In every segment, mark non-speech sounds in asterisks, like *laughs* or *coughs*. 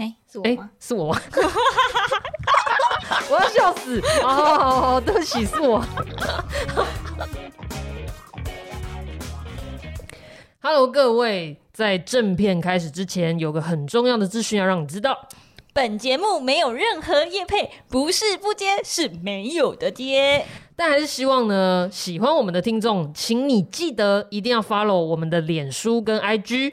哎、欸，是我嗎？欸、是我嗎？ *laughs* 我要笑死！哦好好好對不起，是我。 *laughs* Hello，各位，在正片開始之前，有個很重要的資訊要讓你知道。本節目沒有任何業配，不是不接是沒有的接，但還是希望呢，喜歡我們的聽眾，請你記得一定要 follow 我們的臉書跟 IG。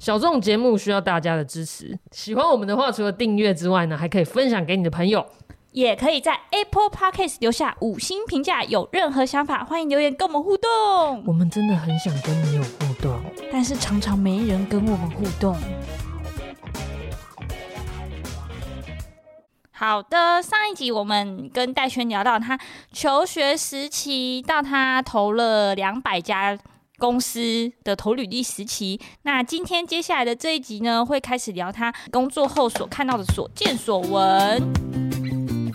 小眾節目需要大家的支持，喜歡我們的話，除了訂閱之外呢，還可以分享給你的朋友，也可以在 Apple Podcast 留下五星評價。有任何想法，歡迎留言跟我們互動。我們真的很想跟你有互動，但是常常沒人跟我們互動。好的，上一集我們跟岱軒聊到他求學時期，到他投了兩百家。公司的投履歷時期，那今天接下來的這一集呢，會開始聊他工作後所看到的所見所聞。嗯。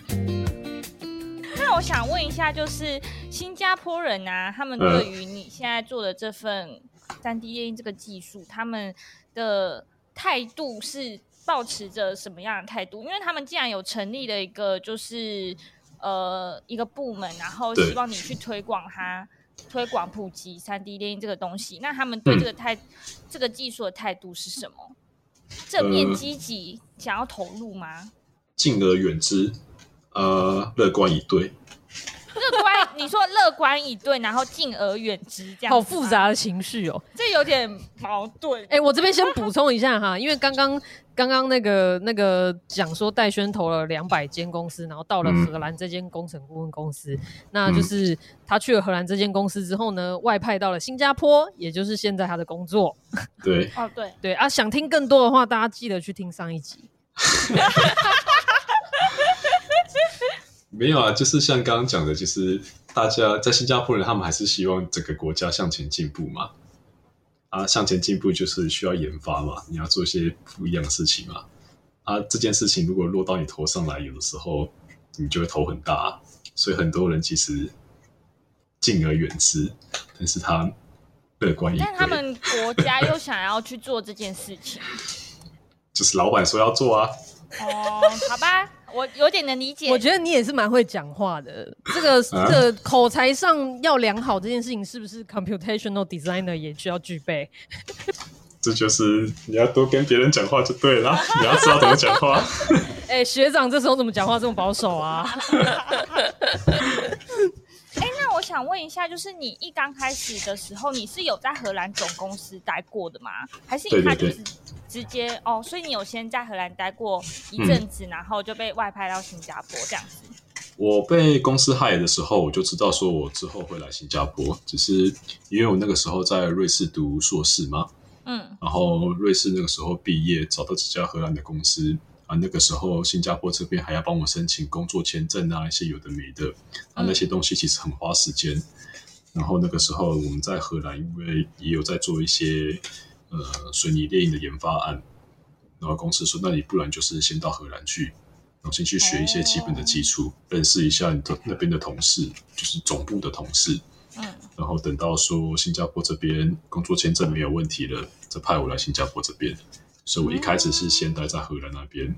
那我想問一下，就是新加坡人啊，他們對於你現在做的這份三 D A 這個技術，他們的態度是抱持着什麼樣的態度？因為他們既然有成立了一個就是呃一個部門，然後希望你去推廣它。推廣普及 3D 電影這個東西，那他們對這個態、嗯、這個技術的態度是什麼？正面積極、呃，想要投入嗎？敬而遠之，呃，樂觀以對。你說樂觀以對，然後敬而遠之，這樣好複雜的情緒哦、喔，這有點矛盾。哎，我這邊先補充一下哈， *laughs* 因為剛剛剛剛那個那個講說岱軒投了兩百間公司，然後到了荷蘭這間工程顧問公司、嗯，那就是他去了荷蘭這間公司之後呢、嗯，外派到了新加坡，也就是現在他的工作。 *laughs* 對，啊對對啊，想聽更多的話，大家記得去聽上一集。 *laughs* *laughs* 沒有啊，就是像剛剛講的，就是。大家在新加坡人，他們還是希望整個國家向前進步嘛？啊，向前進步就是需要研发嘛，你要做一些不一樣的事情嘛。啊，這件事情如果落到你頭上來，有的時候你就會頭很大啊，所以很多人其實敬而遠之，但是他樂觀一點。但他們國家又想要去做這件事情， *laughs* 就是老板說要做啊。哦，好吧。我有點能理解，我覺得你也是蠻會講話的、這個啊。這個口才上要良好，這件事情是不是 computational designer 也需要具備？這就是你要多跟別人講話就對了， *laughs* 你要知道怎麼講話。哎 *laughs* 欸，學長，這時候怎麼講話這麼保守啊？哎 *laughs* 欸，那我想問一下，就是你一剛開始的時候，你是有在荷蘭總公司待過的嗎？還是他就是？對對對直接哦，所以你有先在荷蘭待過一陣子，嗯，然後就被外派到新加坡這樣子。我被公司 hire 的時候，我就知道說我之後會來新加坡，只是因為我那個時候在瑞士讀碩士嘛，嗯，然後瑞士那個時候畢業，找到這家荷蘭的公司啊，那個時候新加坡這邊還要幫我申請工作簽證啊，一些有的沒的，啊，那些東西其實很花時間。嗯、然後那個時候我們在荷蘭，因為也有在做一些。呃，水泥列印的研發案，然後公司說，那你不然就是先到荷蘭去，然後先去學一些基本的基礎，認識一下你那那邊的同事，就是總部的同事。嗯，然後等到說新加坡這邊工作簽證沒有問題了，再派我來新加坡這邊。所以我一開始是先待在荷蘭那邊。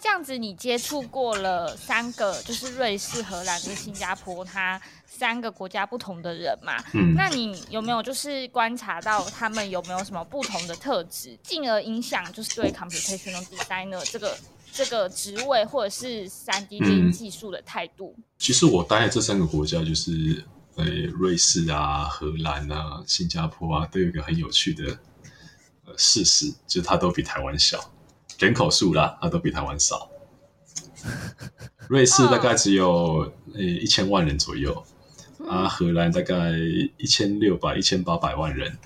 這樣子，你接觸過了三個，就是瑞士、荷蘭跟、就是、新加坡，它三個國家不同的人嘛。嗯。那你有沒有就是觀察到他們有沒有什麼不同的特質，進而影響就是對 computational designer 這個這個職位或者是三 D 這個技術的態度、嗯？其實我待在這三個國家，就是呃，瑞士啊、荷蘭啊、新加坡啊，都有一個很有趣的、呃、事實，就它都比台灣小。人口數啦，啊，都比台灣少。 *laughs* 瑞士大概只有呃一千萬人左右，啊，荷蘭大概一千六百一千八百萬人，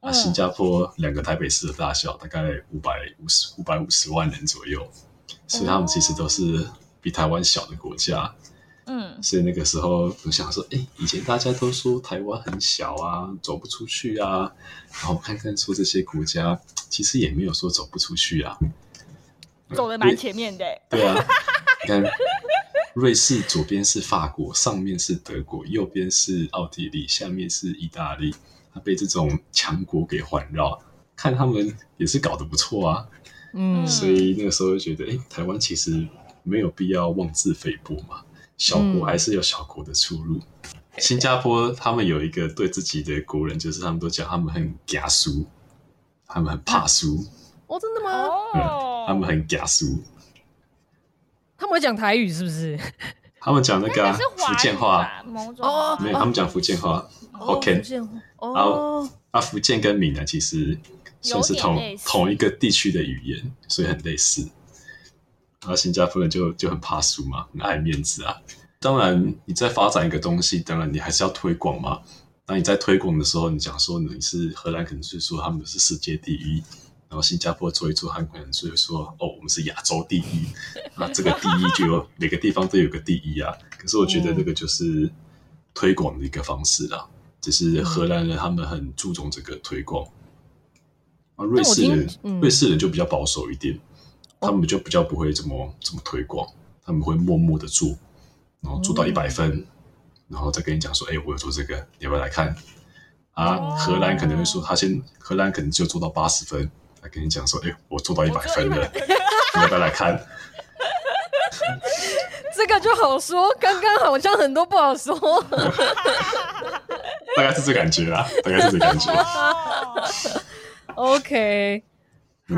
啊，新加坡兩個台北市的大小，大概五百五十五百五十萬人左右，所以他們其實都是比台灣小的國家。嗯、uh, um.，所以那個時候我想說，哎、欸，以前大家都說台灣很小啊，走不出去啊，然後看看說這些國家其實也沒有說走不出去啊。嗯、走得蠻前面的，嗯對，對啊。 *laughs* 你看瑞士左邊是法國，上面是德國，右邊是奧地利，下面是意大利。它被這種強國給環繞，看他們也是搞得不錯啊。嗯，所以那個時候就覺得，哎，台灣其實沒有必要妄自菲薄嘛。小國還是有小國的出路，嗯。新加坡他們有一個對自己的國人，就是他們都講他們很夾輸，他們很怕輸。哦，真的嗎？哦、嗯。他們很怕輸，他們會講台語是不是？他們講那個、啊、福建話，哦，沒有，哦、他們講福建話。OK，哦，啊、哦，福建跟閩南其實算是同同一個地區的語言，所以很類似。啊，新加坡人就就很怕輸嘛，很愛面子啊。當然，你在發展一個東西，當然你還是要推廣嘛。當你在推廣的時候，你講說你是荷蘭，肯定是說他們是世界第一。然後新加坡做一做韓國人，所以說哦，我們是亞洲第一。那、 *laughs* 啊、這個第一就有每個地方都有個第一啊。可是我覺得這個就是推廣的一個方式啦。嗯、只是荷蘭人他們很注重這個推廣啊，瑞士人、嗯、瑞士人就比較保守一點，嗯、他們就比較不會怎麼怎麼推廣，他們會默默的做，然後做到一百分、嗯，然後再跟你講說：“哎，我有做這個，你要不要來看？”啊，荷蘭可能會說、哦、他先荷蘭可能就做到八十分。跟你講說，哎、欸，我做到一百分了，分了 *laughs* 你來來看， *laughs* 這個就好說，剛剛好像很多不好說， *laughs* *laughs* 大概是這感覺啊？大概是這感覺。Oh. OK， *laughs* 好，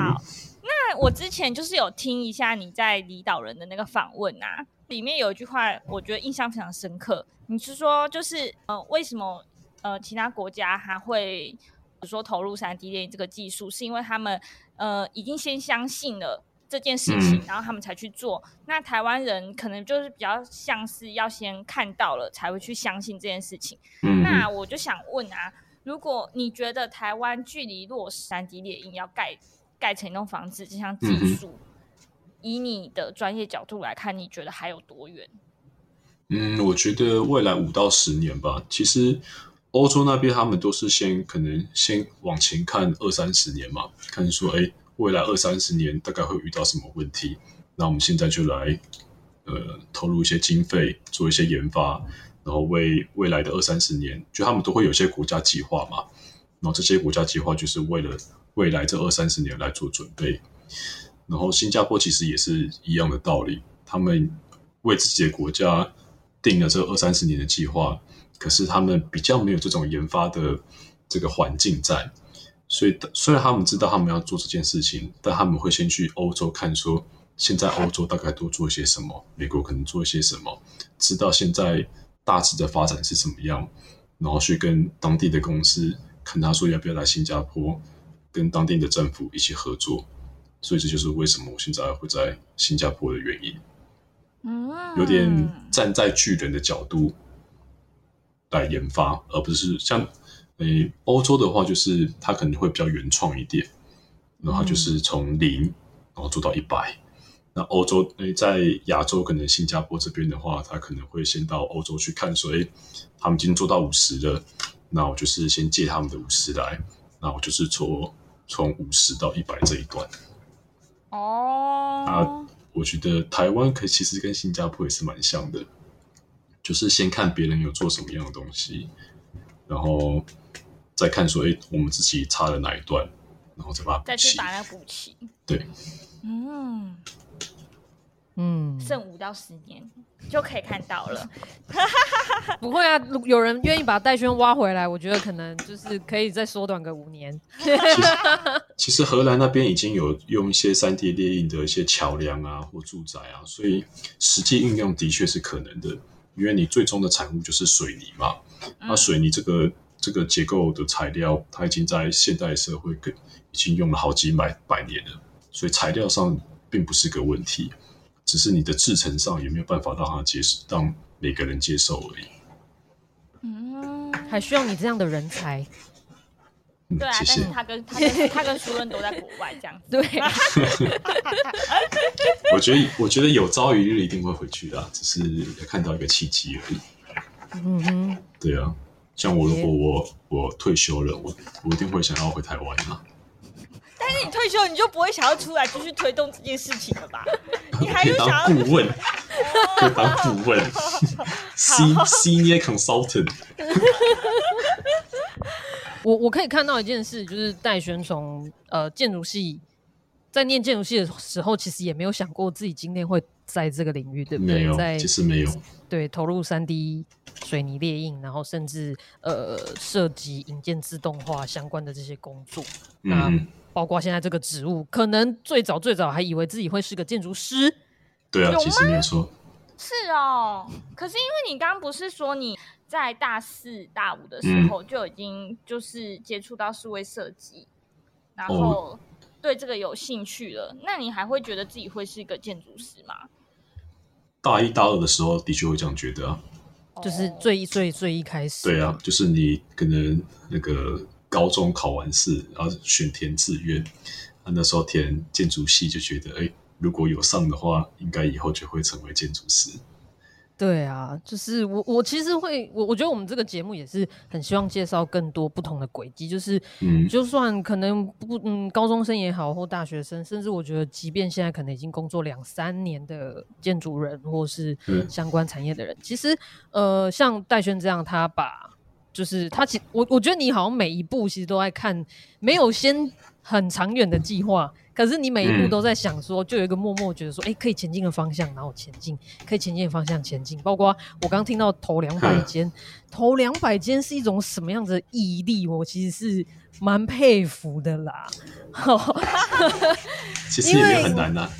那我之前就是有聽一下你在離島人的那個訪問啊， *laughs* 裡面有一句話，我覺得印象非常深刻。你是說，就是呃，為什麼呃其他國家還會？比如說投入三 D 列印這個技術，是因為他們呃已經先相信了這件事情，然後他們才去做。嗯、那台灣人可能就是比較像是要先看到了才會去相信這件事情，嗯。那我就想問啊，如果你覺得台灣距離落實三 D 列印要蓋蓋成一棟房子這項技術，嗯，以你的專業角度來看，你覺得還有多遠？嗯，我覺得未來五到十年吧。其實。歐洲那邊，他們都是先可能先往前看二三十年嘛，看說哎、欸，未來二三十年大概會遇到什麼問題，那我們現在就來呃投入一些經費，做一些研發，然後為未來的二三十年，就他們都會有一些國家計劃嘛，然後這些國家計劃就是為了未來這二三十年來做準備。然後新加坡其實也是一樣的道理，他們為自己的國家定了這二三十年的計劃。可是他們比較沒有這種研發的這個環境在，所以雖然他們知道他們要做這件事情，但他們會先去歐洲看，說現在歐洲大概都做一些什麼，美國可能做一些什麼，知道現在大致的發展是怎麼樣，然後去跟當地的公司看他說要不要來新加坡，跟當地的政府一起合作。所以這就是為什麼我現在會在新加坡的原因。有點站在巨人的角度，來研發，而不是像誒歐洲的話，就是他可能會比較原創一點，然後就是從零然後做到一百。那歐洲誒，在亞洲可能新加坡這邊的話，他可能會先到歐洲去看，所以他們已經做到五十了，那我就是先借他們的五十來，那我就是從從五十到一百這一段。哦，啊，那我覺得台灣可其實跟新加坡也是蠻像的。就是先看別人有做什麼樣的東西，然後再看說，欸、我們自己差了哪一段，然後再把補齊，再去拿來補齊。對，嗯嗯，剩五到十年就可以看到了。不會啊，有人願意把岱軒挖回來，我覺得可能就是可以再縮短個五年 *laughs* 其。其實荷蘭那邊已經有用一些三 D 列印的一些橋梁啊或住宅啊，所以實際應用的確是可能的。因為你最終的產物就是水泥嘛，那、嗯啊、水泥這個這個結構的材料，它已經在現代社會跟已經用了好幾百百年了，所以材料上並不是個問題，只是你的製程上，有沒有辦法讓它接受，讓每個人接受而已。嗯，還需要你這樣的人才。嗯、對、啊，其實他跟他跟他跟舒潤都在國外這樣子。 *laughs* 對， *laughs* 我覺得我覺得有朝一日一定會回去的、啊，只是看到一個契機而已。嗯哼、嗯，對啊，像我如果我我退休了，我我一定會想要回台灣、啊。但是你退休，你就不會想要出來繼續推動這件事情了吧？你可以當顧問， *laughs* 可以當顧問，senior consultant。 *laughs* *laughs* 好哦 *laughs* 我我可以看到一件事，就是岱軒從呃建築系在念建築系的時候，其實也沒有想過自己今天會在這個領域對不對？沒有在，其實沒有。對，投入 3D 水泥列印，然後甚至呃涉及引建自動化相關的這些工作，嗯，那包括現在這個職務，可能最早最早還以為自己會是個建築師。對啊，其實你也說有，是哦。可是因為你剛剛不是說你。在大四、大五的時候就已經就是接觸到數位設計，嗯、然後對這個有興趣了、哦。那你還會覺得自己會是一個建築師嗎？大一大二的時候的確會這樣覺得啊，就是最最最最一開始。對啊，就是你可能那個高中考完試，然後選填志願，那時候填建築系就覺得，哎，如果有上的話，應該以後就會成為建築師。對啊，就是我我其實會，我我覺得我們這個節目也是很希望介紹更多不同的軌跡，就是，嗯、就算可能不嗯高中生也好，或大學生，甚至我覺得即便現在可能已經工作兩三年的建築人，或是相關產業的人，嗯、其實呃像岱軒這樣，他把就是他其我我覺得你好像每一步其實都在看，沒有先很長遠的計劃。嗯可是你每一步都在想說，嗯、就有一個默默覺得說，欸、可以前進的方向，然後前進，可以前進的方向前進。包括我剛剛聽到投兩百間，投兩百間是一種什麼樣子的毅力？我其實是蠻佩服的啦。 *laughs* 其實也沒很難吶、啊，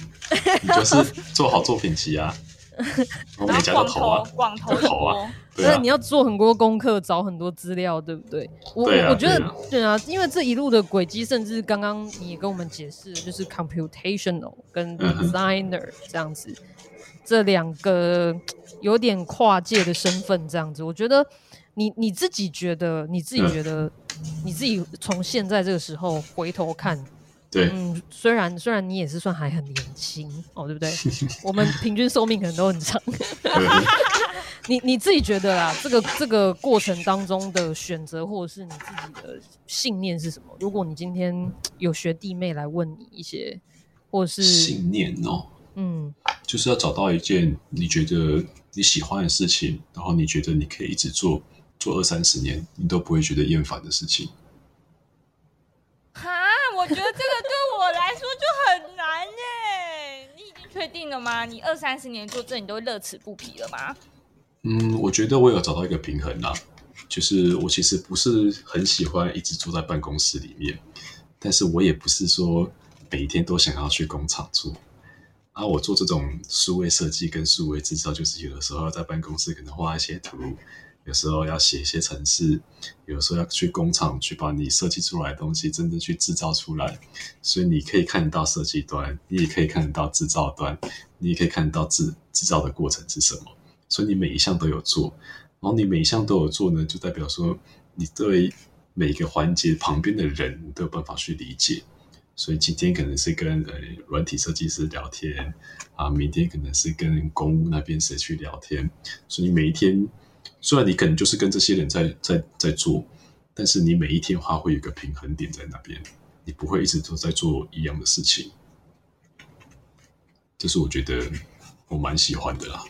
你就是做好作品集啊，然後廣投廣投頭啊。光頭光頭那你要做很多功課，找很多資料，對不對？對啊、我我覺得對啊，對啊，因為這一路的軌跡，甚至剛剛你也跟我們解釋，就是 computational 跟 designer 這樣子，嗯、這兩個有點跨界的身份這樣子。我覺得你你自己覺得，你自己覺得，嗯、你自己從現在這個時候回頭看，對，嗯，雖然雖然你也是算還很年輕哦，對不對？ *laughs* 我們平均壽命可能都很長。對 *laughs* 你你自己覺得啦，這個這個過程當中的選擇，或者是你自己的信念是什麼？如果你今天有學弟妹來問你一些，或者是信念哦，嗯，就是要找到一件你覺得你喜歡的事情，然後你覺得你可以一直做做二三十年，你都不會覺得厭煩的事情。哈，我覺得這個對我來說就很難耶、欸。 *laughs* 你已經確定了嗎？你二三十年做這，你都樂此不疲了嗎？嗯，我覺得我有找到一個平衡啦，啊，就是我其實不是很喜歡一直坐在辦公室裡面，但是我也不是說每一天都想要去工廠做。啊，我做這種數位設計跟數位製造，就是有的時候要在辦公室可能畫一些圖，有時候要寫一些程式，有時候要去工廠去把你設計出來的東西真正去製造出來。所以你可以看得到設計端，你也可以看得到製造端，你也可以看得到製製造的過程是什麼。所以你每一項都有做，然後你每一項都有做呢，就代表說你對每一個環節旁邊的人你都有辦法去理解。所以今天可能是跟呃軟體設計師聊天啊，明天可能是跟公務那邊誰去聊天。所以你每一天，雖然你可能就是跟這些人在在在做，但是你每一天的話會有個平衡點在那邊，你不會一直都在做一樣的事情。這、就是我覺得我蠻喜歡的啦。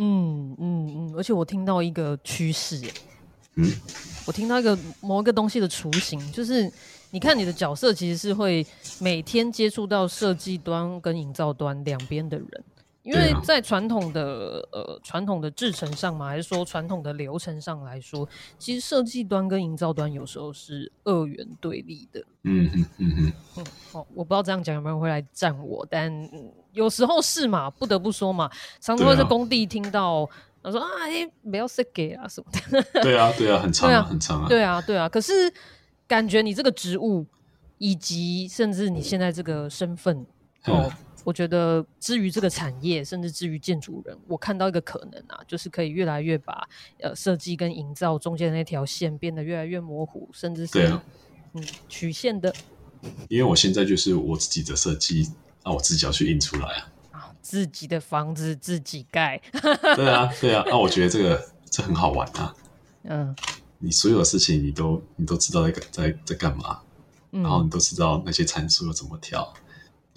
嗯嗯嗯，而且我聽到一個趨勢欸，嗯，我聽到一個某一個東西的雛形，就是你看你的角色其實是會每天接觸到設計端跟營造端兩邊的人。因為在傳統的、啊、呃傳統的製程上嘛，還是說傳統的流程上來說，其實設計端跟營造端有時候是二元對立的。嗯哼嗯嗯嗯。嗯，好，我不知道這樣講有沒有人會來讚我，但有時候是嘛，不得不說嘛，常常會在工地聽到，他說啊，欸，不要塞給啊什麼的。 *laughs* 對啊對啊，很長啊很長啊。對啊對啊，對啊，可是感覺你這個職務，以及甚至你現在這個身份哦。嗯嗯嗯我覺得，至於這個產業，甚至至於建築人，我看到一個可能啊，就是可以越來越把呃設計跟營造中間的那條線變得越來越模糊，甚至是對啊，嗯，曲線的。因為我現在就是我自己的設計，那、啊、我自己要去印出來啊。啊自己的房子自己蓋。 *laughs* 對啊，對啊，那、啊、我覺得這個 *laughs* 這很好玩啊。嗯，你所有的事情你都你都知道在幹在在幹嘛、嗯，然後你都知道那些參數要怎麼調。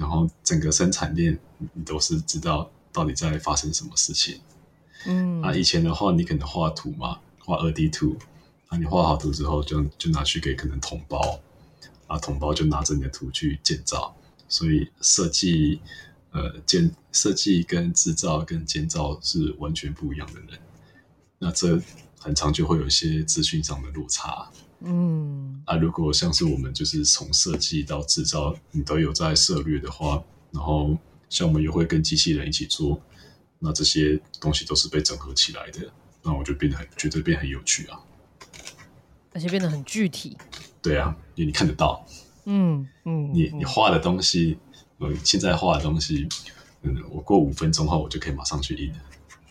然後整個生產鏈，你都是知道到底在發生什麼事情。嗯，那、啊、以前的話，你可能畫圖嘛，畫二 D 圖，那、啊、你畫好圖之後就，就就拿去給可能統包，啊，統包就拿着你的圖去建造。所以設計，呃，建設計跟制造跟建造是完全不一樣的人。那這很常就會有一些資訊上的落差。嗯，啊，如果像是我們就是從設計到製造，你都有在涉獵的話，然後像我們又會跟機器人一起做，那這些東西都是被整合起來的，那我就變得很覺得變很有趣啊，而且變得很具體。對啊，因為你看得到，嗯嗯，你你畫的東西，我現在畫的東西，嗯，我過五分鐘後我就可以馬上去印。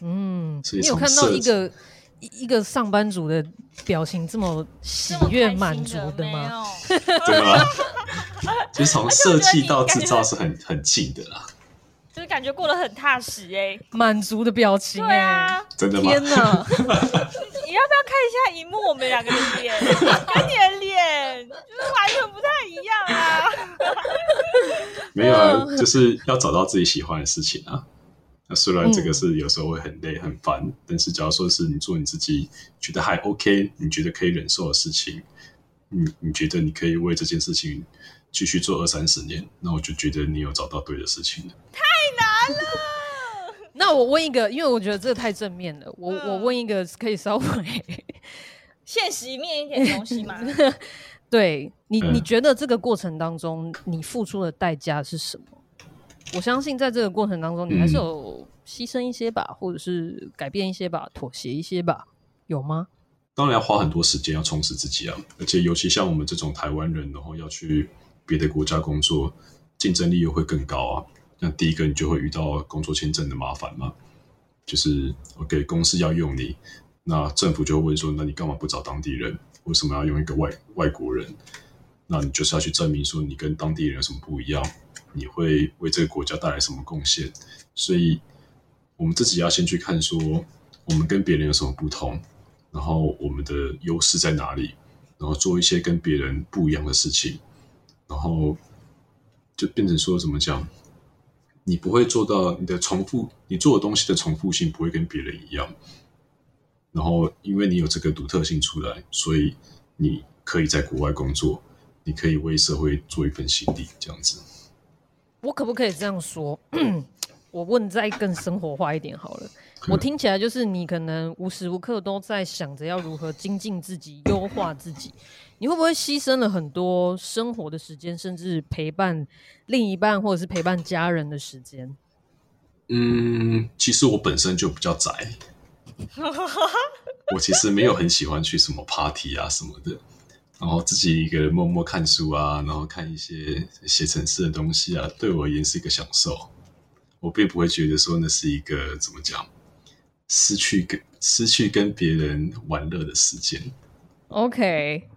嗯，所以你有看到一個。一一個上班族的表情這麼喜悅滿足的嗎？麼的 *laughs* *laughs* 怎麼了、啊？就從設計到製造是很很近的啦，就是感覺過得很踏實哎、欸，滿足的表情、欸。對啊，真的嗎？天哪 *laughs* 你要不要看一下熒幕？我們兩個的臉， *laughs* *laughs* 跟你的臉，就是完全不太一樣啊。 *laughs* *laughs* *laughs* *laughs* 沒有啊，就是要找到自己喜歡的事情啊。那雖然這個是有時候會很累很煩、嗯，但是假如說是你做你自己覺得還 OK，你覺得可以忍受的事情，你你覺得你可以為這件事情繼續做二三十年，那我就覺得你有找到對的事情了。太難了。 *laughs* 那我問一個，因為我覺得這個太正面了，嗯、我我問一個可以稍微 *laughs* 現實面一點的東西嘛？ *laughs* 對你，你覺得這個過程當中你付出的代價是什麼？我相信，在這個過程當中，你還是有犧牲一些吧、嗯，或者是改變一些吧，妥協一些吧，有嗎？當然要花很多時間，要充實自己啊。而且尤其像我們這種台灣人、哦，然後要去別的國家工作，競爭力又會更高啊。那第一個你就會遇到工作簽證的麻煩嘛，就是 OK 公司要用你，那政府就會問說，那你幹嘛不找當地人？為什麼要用一個外外國人？那你就是要去證明說你跟當地人有什麼不一樣。你會為這個國家帶來什麼貢獻？所以，我們自己要先去看，說我們跟別人有什麼不同，然後我們的優勢在哪裡，然後做一些跟別人不一樣的事情，然後就變成說，怎麼講？你不會做到你的重複，你做的東西的重複性不會跟別人一樣。然後，因為你有這個獨特性出來，所以你可以在國外工作，你可以為社會做一份心力，這樣子。我可不可以這樣說？ *coughs* 我問再更生活化一點好了。我聽起來就是你可能無時無刻都在想着要如何精進自己、優化自己，你會不會犧牲了很多生活的時間，甚至陪伴另一半或者是陪伴家人的時間？嗯，其實我本身就比較宅， *laughs* 我其實沒有很喜歡去什麼 party 啊什麼的。然後自己一個人默默看書啊，然後看一些寫程式的東西啊，對我而言是一個享受。我並不會覺得說那是一個怎麼講，失去跟失去跟別人玩樂的時間。OK，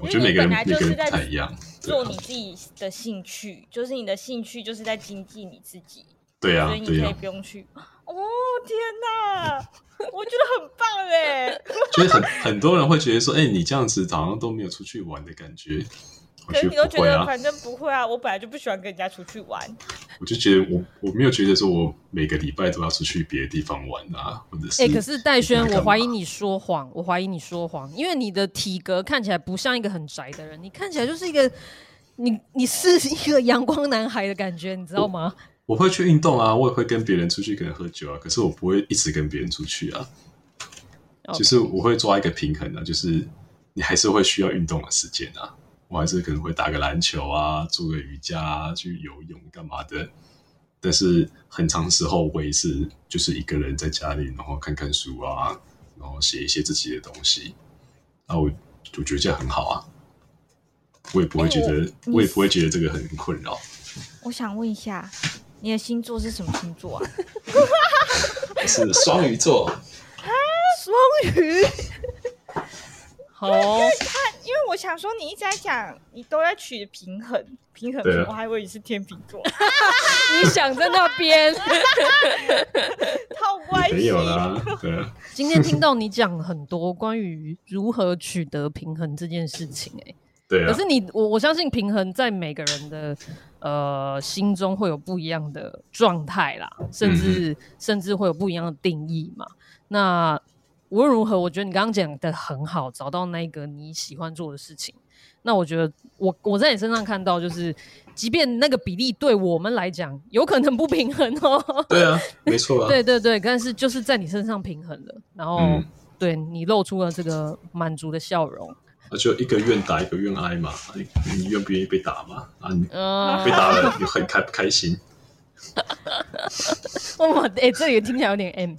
我覺得每個人就是在每個人不太一樣，做你自己的興趣、對啊，就是你的興趣就是在經濟你自己。對啊，所以你可以不用去。哦，天哪， *laughs* 我覺得很棒哎，就是很很多人會覺得說，哎、欸，你這樣子好像都沒有出去玩的感覺。 *laughs* 覺啊、可是你都覺得，反正不會啊，我本來就不喜歡跟人家出去玩。我就覺得我我沒有覺得說我每個禮拜都要出去別的地方玩啊，或者是哎、欸，可是岱軒，我懷疑你說謊，我懷疑你說謊，因為你的體格看起來不像一個很宅的人，你看起來就是一個你你是一個陽光男孩的感覺，你知道嗎？我會去運動啊，我也會跟別人出去可能喝酒啊，可是我不會一直跟別人出去啊。其、okay. 實我會抓一個平衡啊，就是你還是會需要運動的時間啊，我還是可能會打個籃球啊，做個瑜伽啊，去游泳幹嘛的。但是很長時候，我也是就是一個人在家裡，然後看看書啊，然後寫一些自己的東西。那我我覺得這樣很好啊，我也不會覺得、欸我，我也不會覺得這個很困擾。我想問一下。你的星座是什麼星座啊？ *laughs* 是雙魚座。雙魚。哦， *laughs* 因、oh. 為，因為我想說，你一直在講，你都要取平衡，平衡平、啊，我還以為你是天秤座。 *laughs* 你想在那邊？好關心。沒有啊。對啊。 *laughs* 今天聽到你講很多關於如何取得平衡這件事情、欸，啊、可是你我我相信，平衡在每個人的，呃，心中會有不一樣的狀態啦，嗯、甚至甚至會有不一樣的定義嘛。那無論如何，我覺得你剛剛講的很好，找到那個你喜歡做的事情。那我覺得我我在你身上看到，就是即便那個比例對我們來講有可能不平衡哦。對啊，沒錯啊。 *laughs* 對對對，但是就是在你身上平衡了，然後、嗯、對你露出了這個滿足的笑容。那就一個願打一個願挨嘛，你願不願意被打嘛？啊，你被打了，你很開不開心？哦、 *laughs* *laughs* 我哎、欸，這裡也聽起來有點 M。 *laughs* *laughs*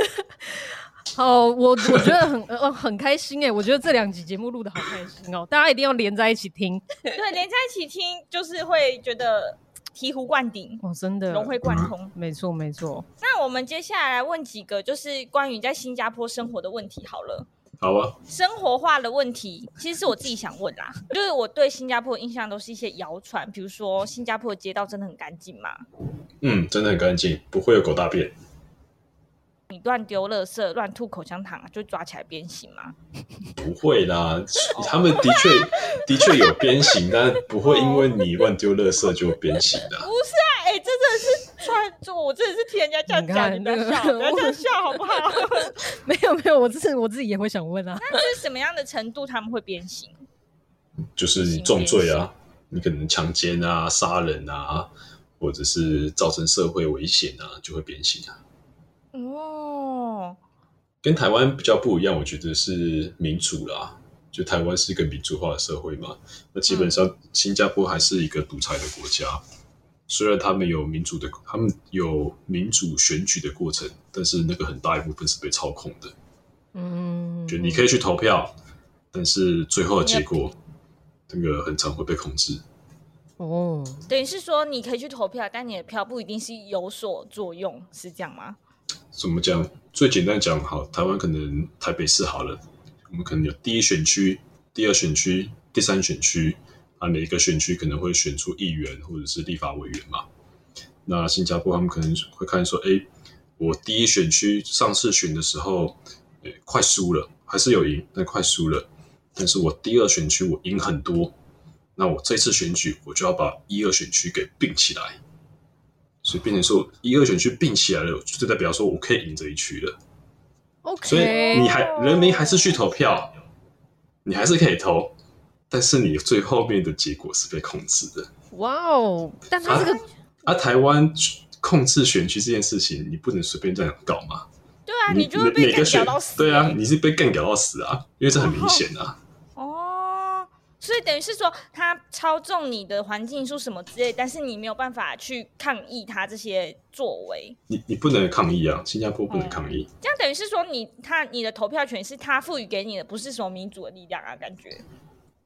*laughs* 好，我我覺得很、呃、很開心、欸、我覺得這兩集節目錄得好開心哦、喔， *laughs* 大家一定要連在一起聽，對，連在一起聽就是會覺得。醍醐灌頂哦，真的融會貫通，嗯、沒錯沒錯。那我們接下來來問幾個，就是關於在新加坡生活的問題，好了。好啊，生活化的問題，其實是我自己想問啦。 *laughs* 就是我對新加坡印象都是一些謠傳，比如說新加坡的街道真的很乾淨嗎？嗯，真的很乾淨，不會有狗大便。你亂丟垃圾、亂吐口香糖、啊，就抓起來鞭刑嗎？不會啦， *laughs* 他們的確的確有鞭刑， *laughs* 但不會因為你亂丟垃圾就鞭刑的。不是啊，哎、欸，這真的是穿，我真的是替人家這樣講，人家笑，這、那、樣、個、笑，笑好不好？ *laughs* 沒有沒有，我我自己也會想問啊， *laughs* 那這是什麼樣的程度他們會鞭刑？就是重罪啊，你可能強姦啊、殺人啊，或者是造成社會危險啊，就會鞭刑啊。哦，跟台灣比較不一樣，我覺得是民主啦。就台灣是一個民主化的社會嘛，那基本上新加坡還是一個獨裁的國家，嗯。雖然他們有民主的，他們有民主選舉的過程，但是那個很大一部分是被操控的。嗯，就你可以去投票，但是最後的結果，那，這個很常會被控制。哦，等於是說你可以去投票，但你的票不一定是有所作用，是這樣嗎？怎麼講？最簡單講，好，台灣可能台北市好了，我們可能有第一選區、第二選區、第三選區，啊，每一個選區可能會選出議員或者是立法委員嘛。那新加坡他們可能會看說，哎，我第一選區上次選的時候誒，快輸了，還是有贏，但快輸了。但是我第二選區我贏很多，那我這次選舉我就要把一二選區給並起來。所以變成說，一二選區併起來了，就代表說我可以贏這一區了。Okay. 所以你還人民還是去投票，你還是可以投，但是你最後面的結果是被控制的。哇哦！但他這個啊，啊台灣控制選區這件事情，你不能隨便這樣搞嘛？對啊，你就被每個選對啊，你是被幹掉到死啊，因為這很明顯啊。所以等於是說，他操縱你的環境，說什麼之類，但是你沒有辦法去抗議他這些作為。你你不能抗議啊，新加坡不能抗議。嗯。這樣等於是說你，你他你的投票權是他賦予給你的，不是什麼民主的力量啊，感覺。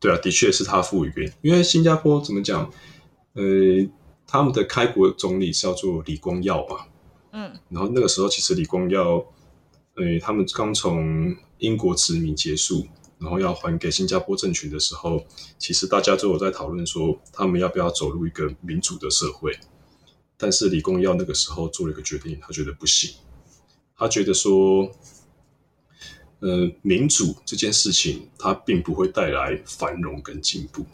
對啊，的確是他賦予給你，因為新加坡怎麼講？呃，他們的開國總理是叫做李光耀吧。嗯，然後那個時候其實李光耀，呃，他們剛從英國殖民結束。然後要還給新加坡政權的時候，其實大家都有在討論說，他們要不要走入一個民主的社會。但是李光耀那個時候做了一個決定，他覺得不行。他覺得說，呃，民主這件事情，它並不會帶來繁榮跟進步，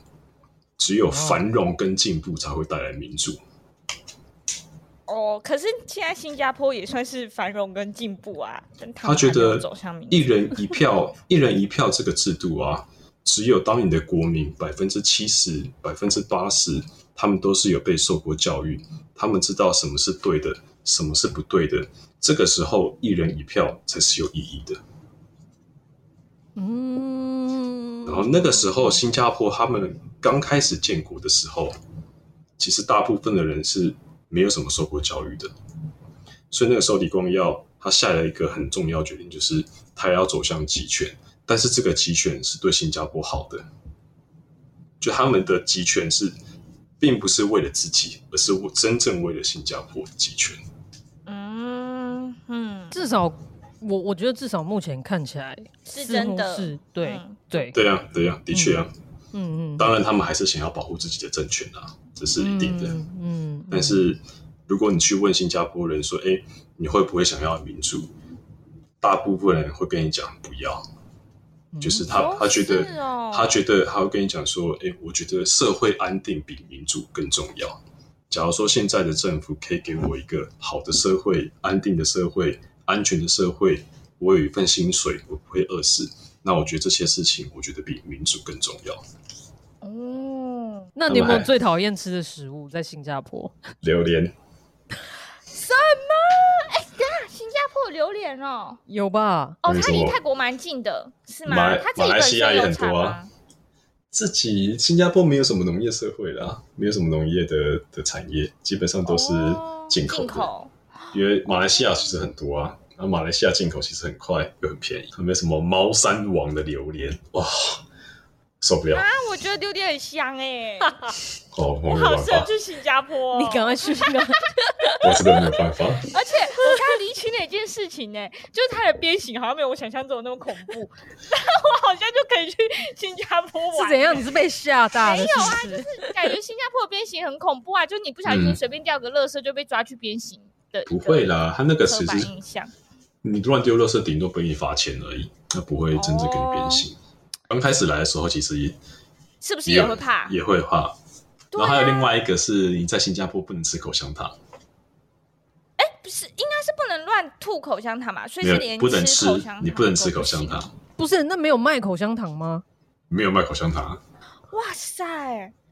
只有繁榮跟進步才會帶來民主。哦，可是現在新加坡也算是繁榮跟進步啊，他，走向他覺得一人一票， *laughs* 一人一票這個制度啊，只有當你的國民百分之七十、百分之八十，他們都是有被受過教育，他們知道什麼是對的，什麼是不對的，這個時候一人一票才是有意義的。嗯，然後那個時候新加坡他們剛開始建國的時候，其實大部分的人是沒有什麼受過教育的，所以那個時候李光耀他下了一個很重要決定，就是他要走向集權。但是這個集權是對新加坡好的，就他們的集權是，並不是為了自己，而是真正為了新加坡的集權。嗯嗯，至少我我覺得至少目前看起來是，是真的，是對、嗯、對、啊、對呀對呀，的確啊，嗯嗯，當然他們還是想要保護自己的政權啊。這是一定的嗯嗯。嗯，但是如果你去問新加坡人說：“哎，你會不會想要民主？”大部分人會跟你講不要。就是他、嗯、他覺得、哦，他覺得他會跟你講說：“哎，我覺得社會安定比民主更重要。假如說現在的政府可以給我一個好的社會、安定的社會、安全的社會，我有一份薪水，我不會餓死。那我覺得這些事情，我覺得比民主更重要。”那你有沒有最討厭吃的食物？在新加坡，榴蓮 *laughs* 什麼？哎、欸、呀，等一下，新加坡有榴蓮哦、喔，有吧？哦，它離泰國蠻近的，是嗎？馬來馬來西亞也很多啊。自己，自己新加坡沒有什麼農業社會啦，沒有什麼農業的的產業，基本上都是進口，哦，進口。因為馬來西亞其實很多啊，然後馬來西亞進口其實很快又很便宜，有沒有什麼貓山王的榴蓮哇？受不了啊！我覺得丟點很香哎、欸。好、哦，我沒辦法，我好適合去新加坡、哦，你趕快去新加坡。 *laughs* 我這個沒有辦法。而且我剛剛理清了一件事情呢、欸？就是它的鞭刑好像沒有我想象中的那麼恐怖，但 *laughs* *laughs* 我好像就可以去新加坡玩、欸。是怎樣？你是被嚇到？沒有啊，就是感覺新加坡鞭刑很恐怖啊！就是你不小心隨便掉個垃圾就被抓去鞭刑的、嗯。不會啦，他那個是影響。你亂丟垃圾頂多被你罰錢而已，那不會真正給你鞭刑。哦剛開始來的時候，其實也是不是也會怕，也，也會怕啊。然後還有另外一個是你在新加坡不能吃口香糖。哎、欸，不是，應該是不能亂吐口香糖吧，所以是連不能吃、吃，你不能吃口香糖。不是，那沒有賣口香糖嗎？沒有賣口香糖。哇塞，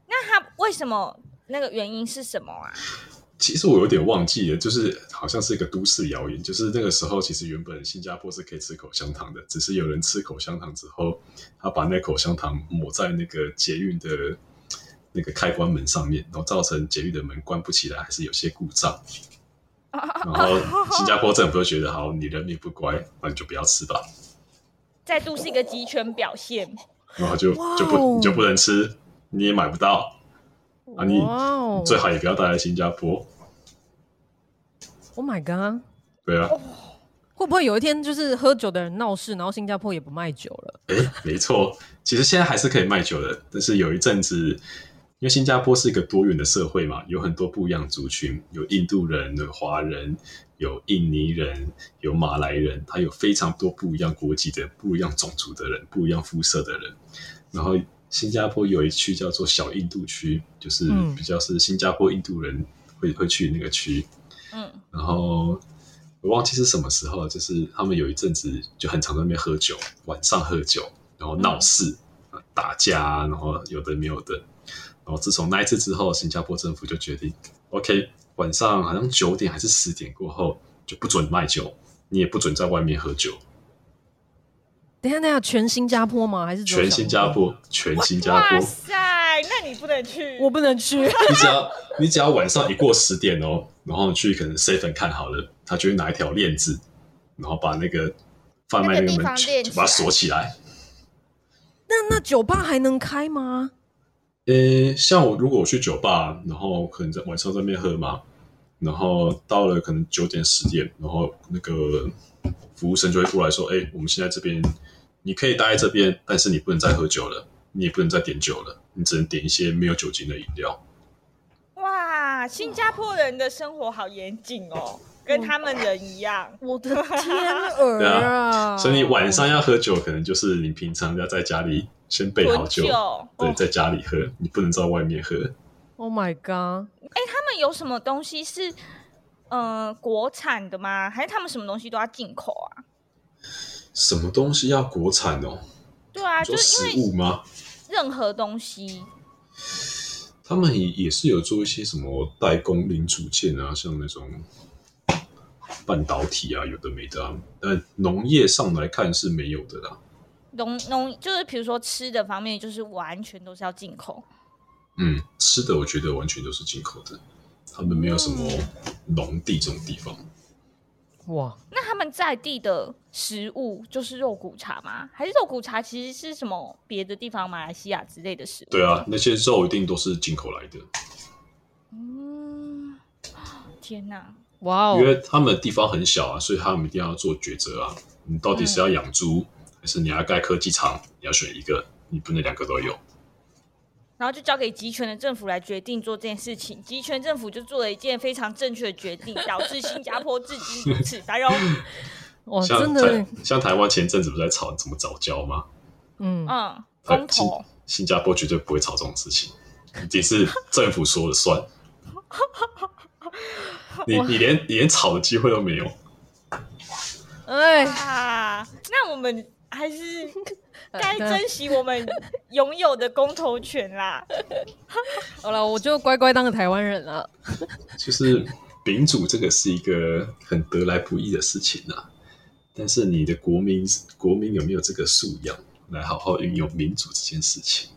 那他為什麼那個原因是什麼啊？其實我有點忘記了，就是好像是一個都市謠言，就是那個時候其實原本新加坡是可以吃口香糖的，只是有人吃口香糖之後，他把那口香糖抹在那個捷運的那個開關門上面，然後造成捷運的門關不起來，還是有些故障。Oh, oh, oh, oh. 然後新加坡政府就覺得，好，你人品不乖，那你就不要吃吧。再度是一個集權表現，然後就就不你就不能吃，你也買不到。啊，你最好也不要待在新加坡。Wow. Oh my god！對啊，會不會有一天就是喝酒的人鬧事，然後新加坡也不賣酒了？誒，沒錯，其實現在還是可以賣酒的，但是有一陣子，因為新加坡是一個多元的社會嘛，有很多不一樣族群，有印度人、有華人，有印尼人，有馬來人，它有非常多不一樣國籍的、不一樣種族的人、不一樣膚色的人，然後。新加坡有一區叫做小印度區，就是比較是新加坡印度人會會去那個區。嗯，然後我忘記是什麼時候了，就是他們有一陣子就很常在那邊喝酒，晚上喝酒，然後鬧事、嗯、打架，然後有的沒有的。然後自從那一次之後，新加坡政府就決定，OK，晚上好像九點還是十點過後就不准賣酒，你也不准在外面喝酒。等下，等下，全新加坡嗎？還是全新加坡？全新加坡。哇塞，那你不能去，我不能去。你只要， *laughs* 你只要晚上一過十點哦、喔，然後你去可能 C 粉看好了，他就會拿一條鏈子，然後把那個販賣那個門、那個、把它鎖起來。那那酒吧還能開嗎？誒、欸，像我如果我去酒吧，然後可能在晚上在那邊喝嘛。然後到了可能九點十點，然後那個服務生就會過來說：“哎、欸，我們現在這邊你可以待在這邊，但是你不能再喝酒了，你也不能再點酒了，你只能點一些沒有酒精的飲料。”哇，新加坡人的生活好嚴謹哦，哦跟他們人一樣、哦。我的天啊！對啊、哦，所以你晚上要喝酒，可能就是你平常要在家裡先備好酒，酒對，在家裡喝，哦、你不能在外面喝。Oh my god！哎、欸，他們有什麼東西是呃國產的嗎？還是他們什麼東西都要進口啊？什麼東西要國產哦？對啊，就是食物嗎？任何東西。他們也也是有做一些什麼代工零組件啊，像那種半導體啊，有的沒的、啊。但農業上來看是沒有的啦。農農就是比如說吃的方面，就是完全都是要進口。嗯，吃的我覺得完全都是進口的，他們沒有什麼農地這種地方、嗯。哇，那他們在地的食物就是肉骨茶嗎？還是肉骨茶其實是什麼別的地方，馬來西亞之類的食物？對啊，那些肉一定都是進口來的。嗯，天哪，哇哦！因為他們的地方很小啊，所以他們一定要做抉擇啊。你到底是要養豬、嗯，還是你要蓋科技廠？你要選一個，你不能兩個都有。然後就交給集權的政府來決定做這件事情，集權政府就做了一件非常正確的決定，導致新加坡至今如此繁榮。哇， *laughs* 真的！像台灣前陣子不是在吵怎麼藻礁嗎？嗯啊、嗯，公投新加坡絕對不會吵這種事情，一定是政府說了算。 *laughs* 你你連你連吵的機會都沒有。 *laughs* *laughs* 哎呀，那我們。還是該珍惜我們擁有的公投權啦。呃呃、 *laughs* 好了，我就乖乖當個台灣人了。就是民主這個是一個很得來不易的事情啊，但是你的國民國民有沒有這個素養來好好運用民主這件事情？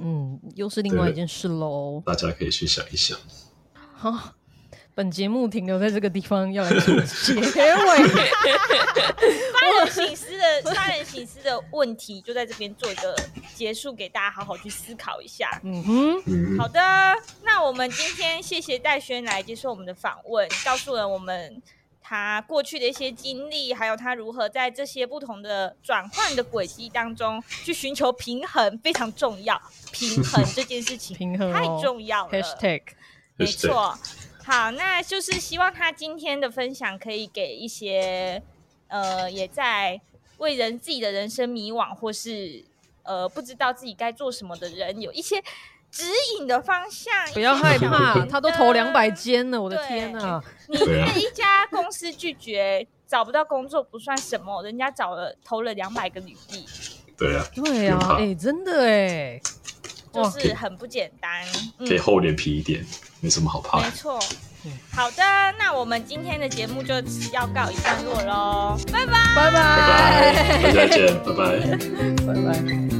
嗯，又是另外一件事嘍。大家可以去想一想。好、哦，本節目停留在這個地方，要來做結尾。 *laughs* *laughs* *laughs* 發人省思的 *laughs* 發人省思的問題，就在這邊做一個結束，給大家好好去思考一下。嗯哼，好的。那我們今天謝謝岱軒來接受我們的訪問，告訴了我們他過去的一些經歷，還有他如何在這些不同的轉換的軌跡當中去尋求平衡，非常重要。平衡這件事情， *laughs* 平衡、哦、太重要了。Hashtag. 沒錯，好，那就是希望他今天的分享可以給一些。呃，也在為人自己的人生迷惘，或是呃不知道自己該做什麼的人，有一些指引的方向。不要害怕，他都投兩百間了。嗯，我的天啊，你被一家公司拒絕，找不到工作不算什麼， *laughs* 人家找了投了兩百個履歷。對啊。對啊。哎、欸，真的哎、欸，就是很不簡單。可以、嗯、可以厚臉皮一點，沒什麼好怕，欸。沒錯。嗯、好的，那我們今天的節目就要告一段落囉，拜拜，拜拜，再見，拜拜，拜拜。